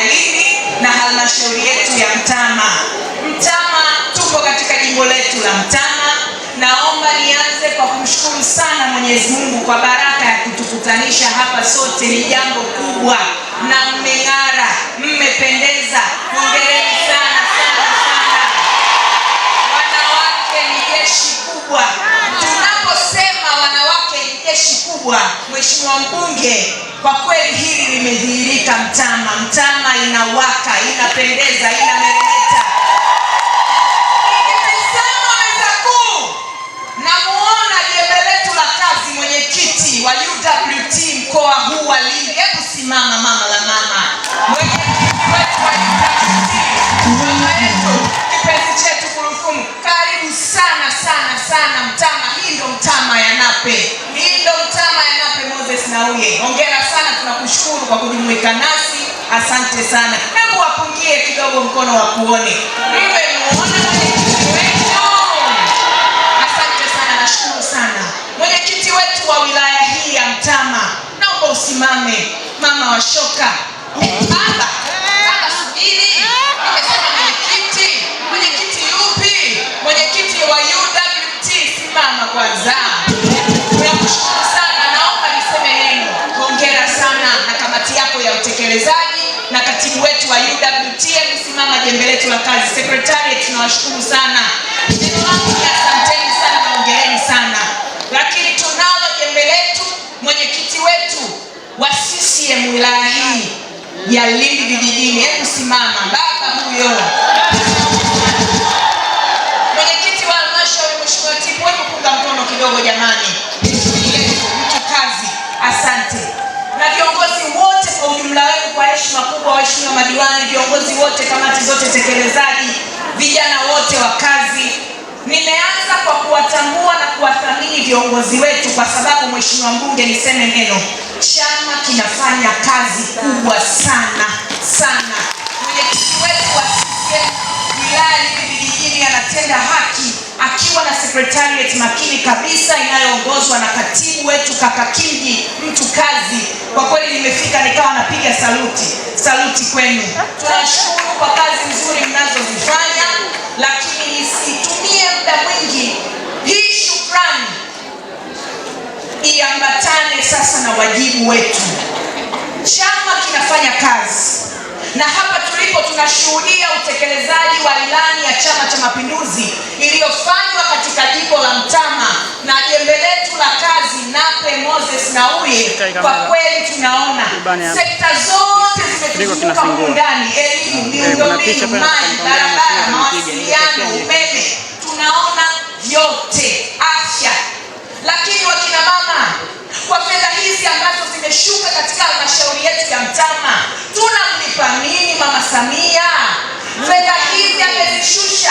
Madalini na halmashauri yetu ya Mtama. Mtama tupo katika jimbo letu la Mtama. Naomba nianze kwa kumshukuru sana Mwenyezi Mungu kwa baraka ya kutukutanisha hapa sote, ni jambo kubwa, na mmeng'ara, mmependeza, hongereni sana sana sana. Wanawake ni jeshi kubwa. Tunaposema wanawake ni jeshi kubwa, Mheshimiwa Mbunge, kwa kweli hili limedhihirika Mtama. Mtama inawaka, inapendeza, inameremeta. Nikisema meza kuu, namuona jembe letu la kazi, mwenyekiti wa UWT mkoa huu wa Lindi. Hebu simama mama la mama, mwenyekiti wetu chetu kurufumu, karibu sana sana sana Mtama. Hii ndo Mtama ya Nape, Mtama ya Nape Moses Nauye. Hongera sana, tunakushukuru kwa kujumuika nasi. Asante sana, hebu wapungie kidogo mkono wa kuone. Asante sana, nashukuru sana. Mwenyekiti wetu wa wilaya hii ya Mtama, naomba usimame. Mama wa shoka kwanza nakushukuru sana, naomba niseme neno hongera sana na kamati yako ya utekelezaji katibu wetu wa UWT kusimama jembe letu la kazi. Sekretarieti tunawashukuru sana, asanteni sana, naongeleni sana, lakini tunalo jembe letu mwenyekiti wetu wa CCM wilaya hii ya Lindi vijijini. Hebu simama baba huyo mwenyekiti wa halmashauri, mheshimiwa Tipu, hebu punga mkono kidogo jamani. waheshimiwa madiwani, viongozi wote, kamati zote tekelezaji, vijana wote wa kazi. Nimeanza kwa kuwatambua na kuwathamini viongozi wetu, kwa sababu mheshimiwa mbunge, niseme neno, chama kinafanya kazi kubwa sana sana. Mwenyekiti wetu wa wilaya hivi vijijini anatenda na secretariat makini kabisa inayoongozwa na katibu wetu kaka Kingi mtu kazi. Kwa kweli nimefika nikawa napiga saluti, saluti kwenu. Tunashukuru kwa kazi nzuri mnazozifanya, lakini nisitumie muda mwingi. Hii shukrani iambatane sasa na wajibu wetu. Chama kinafanya kazi na hapa tulipo tunashuhudia Mapinduzi iliyofanywa katika jiko la Mtama na jembe letu la kazi Nape Moses Nnauye, kwa kweli tunaona sekta zote zimetuzunguka huko ndani: elimu, eh, miundombinu, maji, barabara, mawasiliano, umeme, tunaona yote, afya. Lakini wakina mama, kwa fedha hizi ambazo zimeshuka katika halmashauri yetu ya Mtama, tunamlipa nini Mama Samia fedha hizi?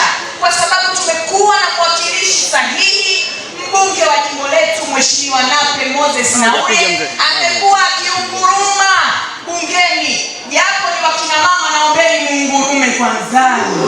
kuwakilisha, kwa sababu tumekuwa na mwakilishi sahihi. Mbunge wa jimbo letu Mheshimiwa Nape Moses Nnauye amekuwa akiunguruma bungeni, japo ni wakina mama, naombeni muungurume kwanza.